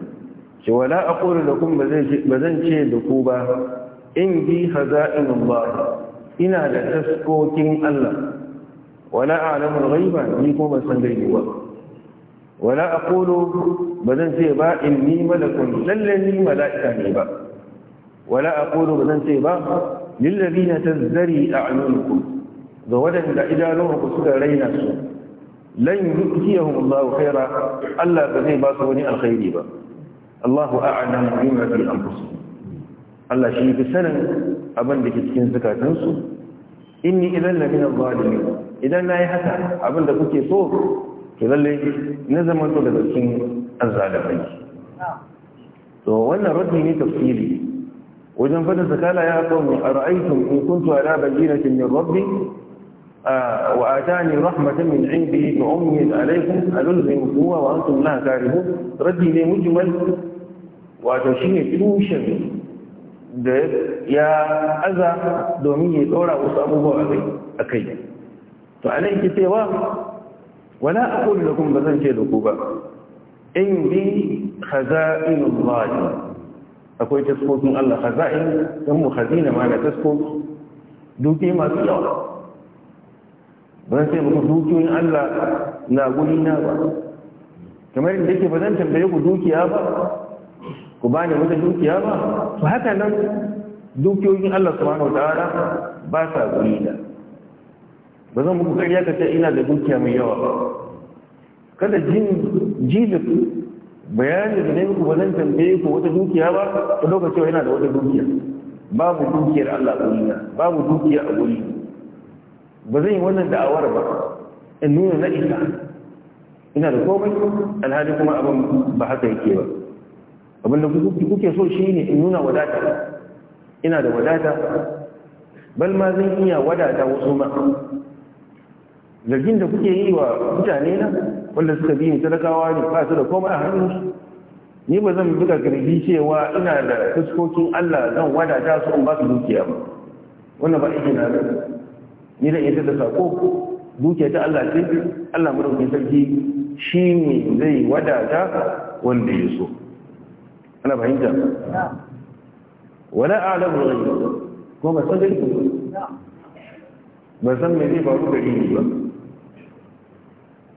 ce wala aqulu lakum bazan ce da ku ba in bi haza'inullah ina da taskokin Allah wala a'lamul ghaiba ni ko ban san gaibi ba wala aqulu bazan ce ba inni malakun lalle ni malaika ne ba wala aqulu bazan ce ba lil ladina tazdari a'yunukum ga wadanda ku suka raina su lan yukiyahum Allah khaira Allah ba zai ba su wani alkhairi ba Allahu a'lam bima fi anfusihim Allah shi fi sanin abin da ke cikin zukatansu inni idan na minan zalimi idan na yi haka abin da kuke so to lalle na zama to daga cikin azzalimai to wannan raddi ne tafsiri wajen fadin sakala ya qawmi ara'aytum in kuntu ala bayyinatin min rabbi وآتاني رحمة من عنده فأمهد عليكم ألزمكم وأنتم لا ne ردي لي مجمل وتشيء توشن da ya aza domin ya ɗora wasu abubuwa a kai to a nan ki cewa wala a ƙoli da kuma zan ce da ku ba in bi haza'in Allah akwai taskokin Allah haza'in don mu hazina ma da taskoki duki masu yawa ban sai muku dukiyoyin Allah na guri na ba kamar inda yake ba zan tambaye ku dukiya ba ku ba ni wata dukiya ba to haka nan dukiyoyin Allah subhanahu wataala ba sa guri ba zan muku kariya ka ce ina da dukiya mai yawa ba kada jin jilif bayani da nemi ku ba zan tambaye ku wata dukiya ba ku dauka yana da wata dukiya babu dukiyar Allah a babu dukiya a guri ba zan yi wannan da'awar ba in nuna na isa. ina da komai alhali kuma abin ba haka yake ba abinda kuke so shi ne in nuna wadata ina da wadata bal ma zan iya wadata wasu ma zargin da kuke yi wa mutane na wanda suka bi talakawa ne ba su da koma a hannunsu ni ba zan buga garbi cewa ina da fuskokin Allah zan wadata su in ba su dukiya ba wannan ba ake na ni da yi da sako dukiya ta Allah ce Allah madaukakin sarki shi ne zai wadata wanda ya so ana fahimta wala a'lamu ghaiba ko ba san gaibi ba san me zai faru gari ne ba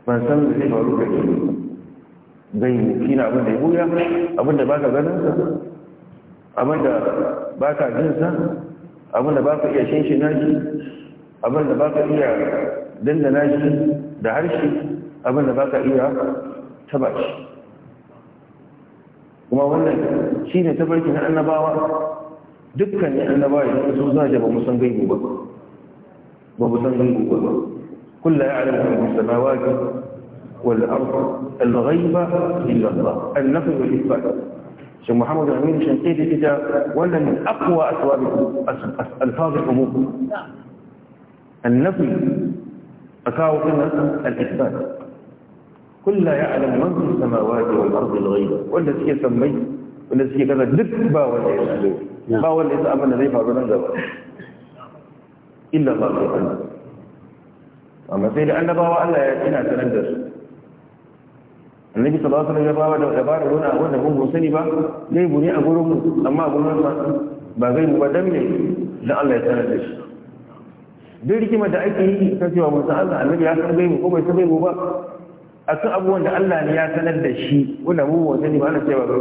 ban san mai zai faru gari ne gaibi shi abin da ya buya abin da baka ganin sa abin da baka jin sa abin da baka iya shinshina shi abin da baka iya dandana shi da harshe abin da baka iya taba shi kuma wannan shi ne ta tafarki na annabawa dukkan ne annabawa ya su zaje ba musan san gaibu ba ba musan san gaibu ba kullu ya ma fi samawati wal ardh al ghaiba illa Allah al nafi wal isbat shi Muhammad Amin Shankidi ita wannan min aqwa aswab alfaz al-umum an nafi akawu al isbat كل يعلم من في السماوات والأرض الغيبة والذي يسميه والذي كذا نتبا والإسلوب نعم. ما هو الذي أمن لي فأمن الله إلا الله سبحانه أما فيه لأن الله وألا يأتينا تنجس النبي صلى الله عليه وسلم يبار هنا أولا هم مصنبا ليبوا يأبرهم أما أبونا بغير مبادمي لأن الله يتنجس ديري كما دعيته تسوى من سأل النبي أخر بيه وقوم يسبيه مبادر akan abubuwan da Allah ne ya sanar da shi wanda mu wanda ne ba na cewa ba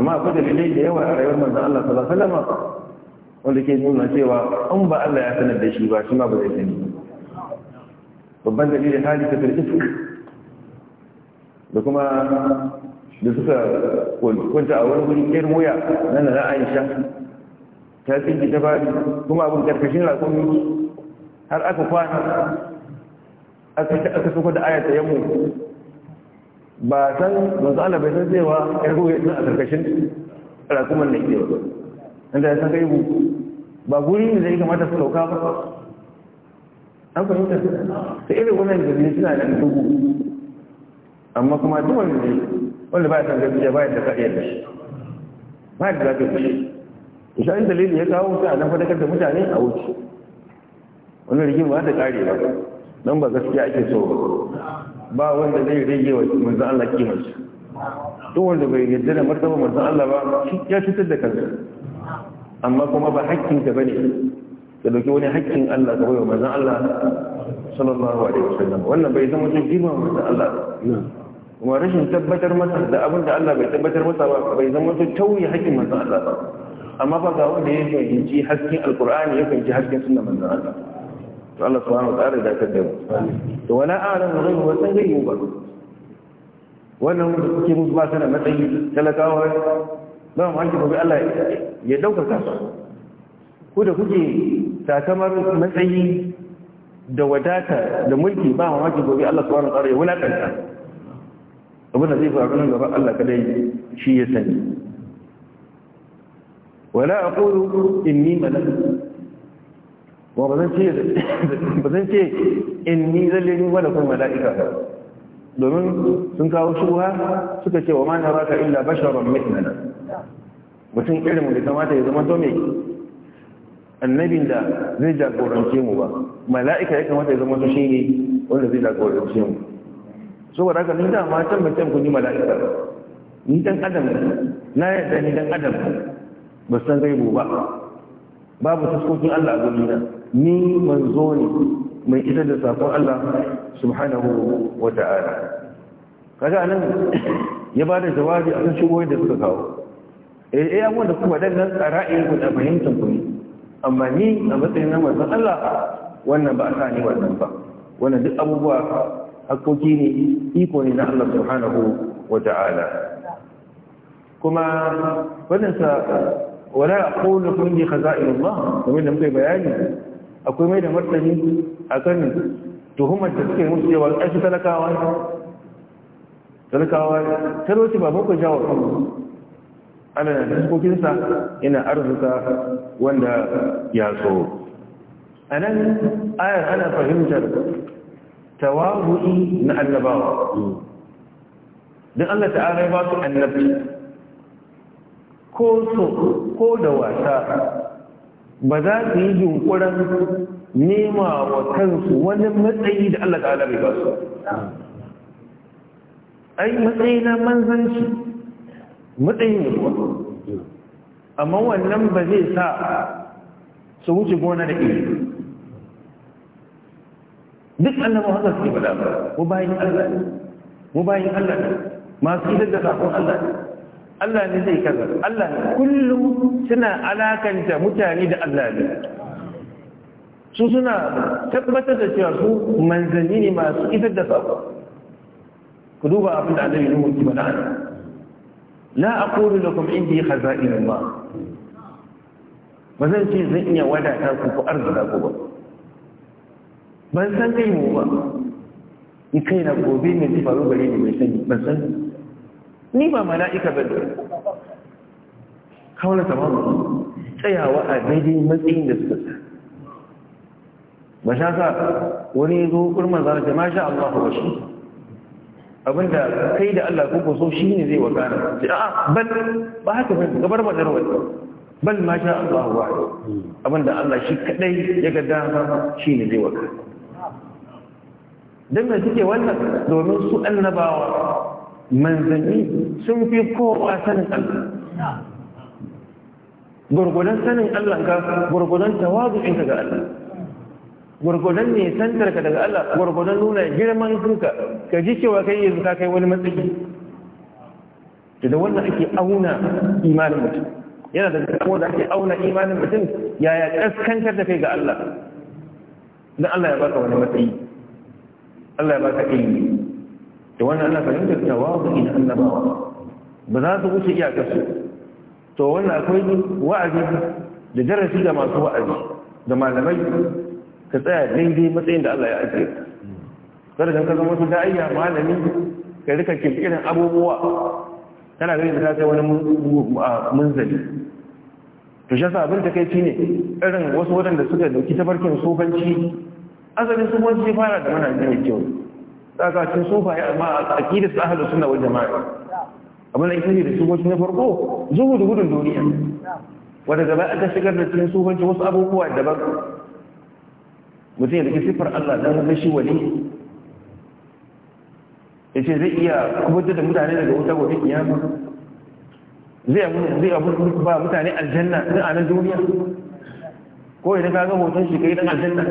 amma akwai dalilai da yawa a rayuwar manzon Allah sallallahu alaihi wasallam wanda ke nuna cewa an ba Allah ya sanar da shi ba shi ma ba zai sani babban dalilin ta isk da kuma da suka kwanta a wani wurin irin muya na nana Aisha ta ji ta fadi kuma abin karkashin rakumi har aka kwana aka ce aka suka da ayata yammu ba san manzo Allah bai san cewa ya ruwa a karkashin rakuman da yake ba inda ya san kai mu, ba guri ne zai kamata su sauka ba an fahimta su. irin wannan jirgin suna da dubu amma kuma duk wanda ne wanda ba ya san gaskiya ba ya da kaɗai da shi ba ya da zafi da shi isa in dalili ya kawo su a nan fadakar da mutane a wuce wannan rigin ba ta ƙare ba don ba gaskiya ake so ba wanda zai rage wa manzan Allah kimar shi wanda bai yarda da martaba manzan Allah ba ya cutar da kansa amma kuma ba haƙƙin ka bane ka dauki wani haƙƙin Allah ka bayyana manzan Allah sallallahu alaihi wasallam wannan bai zama cin girma manzan Allah kuma rashin tabbatar masa da abin da Allah bai tabbatar masa ba bai zama cin tauye haƙƙin manzan Allah ba amma ba ga wanda ya fahimci hakkin alqur'ani ya fahimci hakkin sunnar manzan Allah to Allah subhanahu wa ta'ala da ta dawo to wala a'lamu ghaibu wa san ghaibu ba wannan wanda kuke musu ba sana matsayi talakawa ba mu hanki gobe Allah ya ɗaukaka. su ku da kuke takamar matsayi da wadata da mulki ba mamaki gobe Allah subhanahu wa ta'ala ya wulakanta abin da zai faru nan gaba Allah kadai shi ya sani wala aqulu inni malak ba ba zan ce in ni zalle ni wadda kun mala'ika ba domin sun kawo shuha suka ce wa ma na raka illa basharan mitnana mutum irin da kamata ya zama to me annabin da zai jagorance mu ba mala'ika ya kamata ya zama to ne wanda zai jagorance mu saboda haka ni da ma can kun yi mala'ika ni dan adam na yadda ni dan adam ba san gaibu ba babu taskokin Allah a gurina ni manzo ne mai isar da sakon Allah subhanahu wa ta'ala kaga nan ya ba da jawabi a kan shigoyi da suka kawo eh eh abubuwan da kuma dangan ra'ayin ku da fahimtar ku amma ni a matsayin na manzon Allah wannan ba a sa ni wannan ba wannan duk abubuwa hakoki ne iko ne na Allah subhanahu wa ta'ala kuma wannan sa wala aqulu kulli khaza'ilullah kamar da muke bayani akwai mai da martani a kan tuhumar da suke musu cewa ƙashi talakawa talakawa talauci ba bakwai jawo kan ana da fuskokinsa yana arzuka wanda ya so a nan ayar ana fahimtar tawabu'i na annabawa don allah ta'ala ba su annabci ko so ko da wasa ba za su yi yunkurin nema wa kansu wani matsayi da Allah ta'ala bai ba su ai matsayi na manzanci matsayi ne kuwa amma wannan ba zai sa su wuce gona da iri duk annabawa haka suke faɗa ba mu bayin Allah ne mu bayin Allah ne masu idar da sakon Allah ne Allah ne zai kaza Allah kullum suna alakanta mutane da Allah ne su suna tabbatar da cewa su manzanni ne masu isar da sako ku duba abin da annabi ne mutum da ana la aqulu lakum indi khaza'in Allah ba zan ce zan iya wadata ku ku arzika ku ba ban san kai mu ba ni kai na gobe mai faru gare ni mai sani ban san ni ba mala'ika ba ne kawai tamamu tsayawa a daidai matsayin da suka sa ba sha sa wani zo kurman zara ta ma masha Allah ba shi abinda kai da Allah ko so shi ne zai wakana ce a Ban ba haka ba gabar madar wani bal masha Allah wa abinda Allah shi kadai ya ga dama shi ne zai wakana don da suke wannan domin su annabawa manzanni sun fi kowa sanin Allah gurgudan sanin Allah ga gurgudan tawazu'in ka ga Allah gurgudan ne santar ka daga Allah gurgudan nuna girman kanka ka ji cewa kai yanzu ka kai wani matsayi to da wannan ake auna imanin mutum yana da kuma da ake auna imanin mutum yaya kaskantar da kai ga Allah dan Allah ya baka wani matsayi Allah ya baka ilimi da wannan ana fahimtar tawazu in annabawa ba za su wuce su. to wannan akwai wa'azi da darasi ga masu wa'azi da malamai ka tsaya daidai matsayin da Allah ya ajiye kada ka zama wasu da'ayya malami ka rika irin abubuwa kana gani da ta kai wani munzali to shi abin da kai ne irin wasu waɗanda suka dauki tafarkin sofanci asalin sofanci fara da mana ne kyau daga cikin sufaye amma a akidar su ahalus sunna wal jama'a abin da yake da su wasu na farko zuhudu gudun duniya wanda gaba aka shigar da cikin sufanci wasu abubuwa daban mutum ya rike siffar Allah dan haka shi wali yace zai iya kubutar da mutane daga wuta gobe kiyama zai abu zai abu ba mutane aljanna din a nan duniya ko idan ka ga hoton shi kai dan aljanna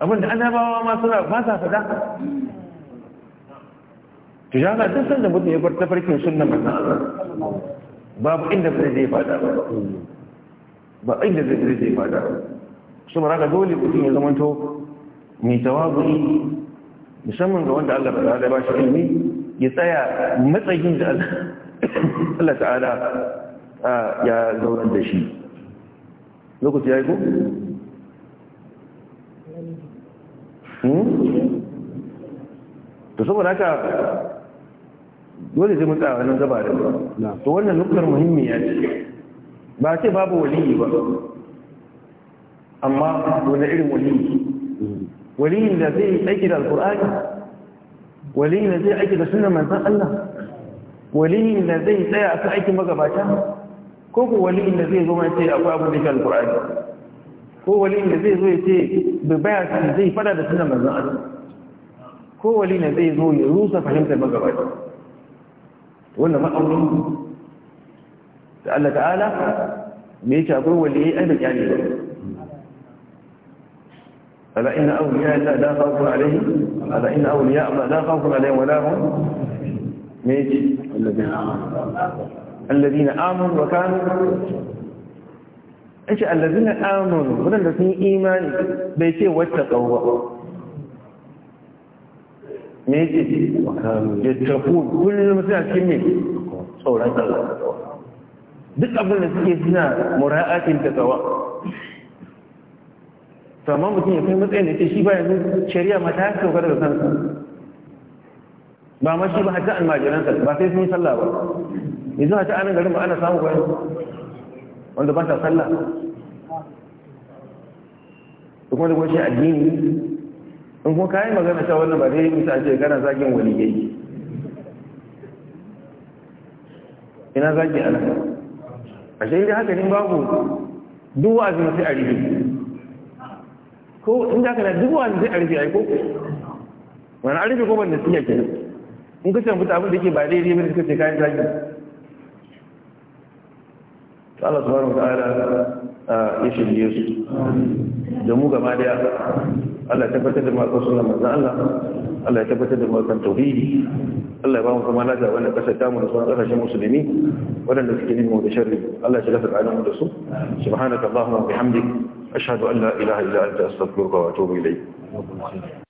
abinda annabawa ma suna ba sa faɗa to ya ga duk sanda mutum ya bar tafarkin suna manzon babu inda zai zai fada ba ba inda zai zai fada ba su mara ga dole mutum ya zamanto mai tawaguri musamman ga wanda Allah ta'ala ba shi ilimi ya tsaya matsayin da Allah ta'ala ah, ya zaunar da shi lokaci ya yi ko Hmm? to saboda haka dole zai mutsa wannan gaba da to wannan nukar ya ce ba ce babu waliyi ba amma wani irin waliyi hmm. waliyin da zai aiki da alkur'ani waliyin da zai aiki da sunan manzan Allah waliyin da zai tsaya a kan aikin magabata ko ku waliyin da zai zo mai ce akwai abin da ke alkur'ani ko ne zai zo ya ce da baya su zai fada da suna manzon Allah ko ne zai zo ya rusa fahimtar magabata wannan ma'aunin da Allah ta'ala me yake akwai wali ai da kyani ba ala inna awliya la la khawfun alaihi ala inna awliya la khawfun alaihim wa la hum me yake alladhina amanu alladhina amanu wa kanu ce allazi na amanu wadanda sun yi imani bai ce wata ƙauwa me ce ya tafi kullum suna cikin mai tsoron Allah duk abin da suke suna mura'akin ta tsawa saman mutum ya kai matsayin da ce shi ba yanzu shari'a ma ta saukar da kansa ba ma shi ba hatta almajiransa ba sai sun yi sallah ba yanzu hajji anan garin ba ana samu kwayan wanda ba ta sallah da kuma da kuma shi addini in kuma kayan magana cewa wannan ba daidai mutu a ce kana zagin waliyai ina zagin ana a shi inda haka ne babu duk wa'azin sai a rufe ko in da kana duk wa'azin sai a rufe ai ko wani a rufe ko ban da siya ke in ka ce mutu abin da ke ba daidai ba da suka ce kayan zagin Allah subhanahu wataala ya shirye su da mu gaba daya Allah ya tabbatar da makon suna manzon Allah Allah ya tabbatar da makon tauhidi Allah ya ba mu kuma lafiya wannan kasar tamu da sauran kasashen musulmi waɗanda suke nemi da sharri Allah ya shiga tsakanin mu da su subhanaka allahumma wa bihamdik ashhadu an la ilaha illa anta astaghfiruka wa atubu ilayk